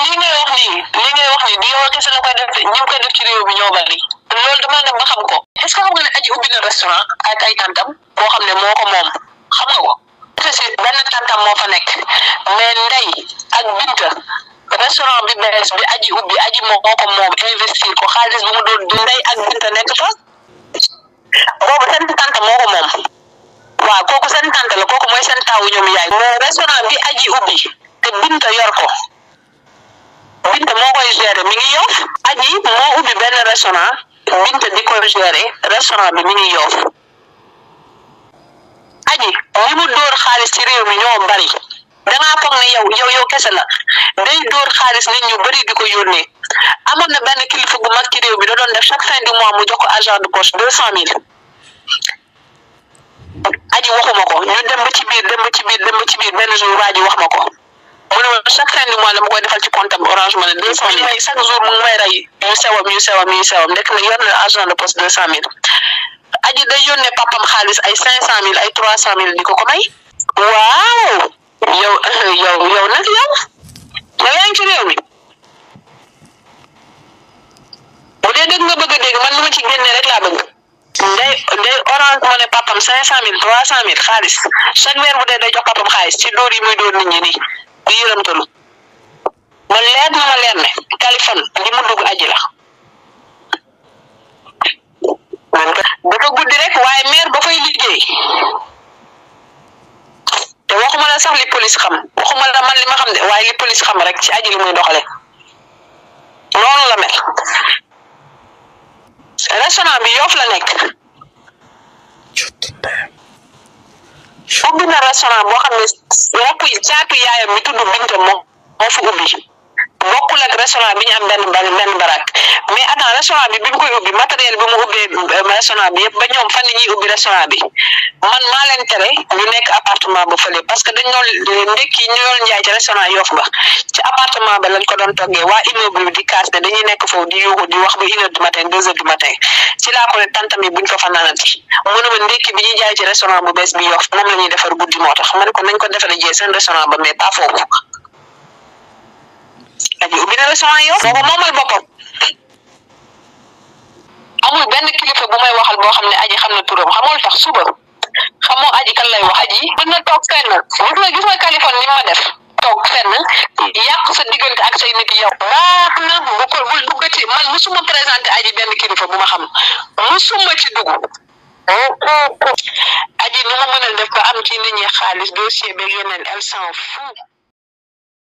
li ngay wax nii li ngay wax nii di yow kese la koy def ñi ngi koy ñoo bari loolu damaa dem ba xam ko est-ce que xam nga ne aji ubbi na restaurant ak ay tantam boo xam ne moo ko moom xam nga ko parce que moo fa nekk mais ndey ak binta restaurant bi bees bi aji ubbi moom investir ko xaalis doon di ndey ak binta nekk fa boobu seen tante moo ko moom waaw kooku seen tante la kooku mooy seen taawu ñoom yaay moo restaurant bi aji ubbi te binta yor ko Binta moo koy gérer mi ngi aji moo ubbi benn restaurant Binta di koy gérer restaurant bi mi ngi aji li mu dóor xaalis ci réew mi ñoo bari dangaa foog ne yow yow yow kese la day dóor xaalis nit ñu bari di ko yónnee amoon na benn kilifa gu mag ci réew bi da doon def chaque fin du mois mu jox ko agent de poste deux cent mille aji waxuma ko ñu dem ba ci biir dem ci biir dem ci biir benn jour waa ji wax ma ko mu ne ma chaque fin du mois la ma koy defal ci compte am orange money deux cent mille may chaque jour mu ngi may rey yu argent de poste deux cent mille aji day yónnee papam xaalis ay cinq cent mille ay trois cent mille di ko ko may waaw yow yow yow nag yow nga yaa ngi ci réew mi bu dee dégg nga bëgg dégg man lu ci génnee rek laa bëgg day day orange ne papam cinq cent mil trois cent mille xaalis chaque weer bu dee day jox papam xaalis ci dóor yi muy dóor nit ñi di yërëmtalu ma leer na ma leer ne Kaliphone li mu dugg aji la dafa guddi rek waaye maire ba koy liggéey te waxuma la sax li police xam waxuma la man li ma xam de waaye li police xam rek ci aji muy doxale noonu la mel restaurant bi yoof la nekk ubbi na restaurant boo xam ne mbokk yi caatu yaayam mi tudd Binta moom moo fi ubbi bokkul ak restaurant bi ñu am benn benn benn restaurant bi bi mu koy ubbi matériel bi mu ubbee euh, restaurant bi yëpp ba ñoom fan la ubbi restaurant bi man maa leen ñu nekk appartement ba fële parce que dañ doon euh, ndekki ñu doon jaay ci restaurant Yoff ba ci appartement ba nekk foofu di yuuxu di wax ba une heure matin deux heures du matin ci laa ko ne tantami buñ fa fanaanati mënuma ndekki bi ñuy jaay ci restaurant bu bees bi Yoff moom la defar guddi moo tax ma ne ko nañ ko defaree seen restaurant ba mais pas foofu. aji ubbi na restaurant benn kilifa bu may waxal boo xam ne aji xam na turam xamul tax suba xamoo aji kan lay wax aji mën na toog fenn gis nga gis nga Kaliphone ni ma def toog fenn yàq sa diggante ak say nit yow baax na bu ko présenté aji benn kilifa bu ma xam musuma ci dugg aji nu ma mënal def ba am ci nit ñi xaalis dossier beeg yeneen elle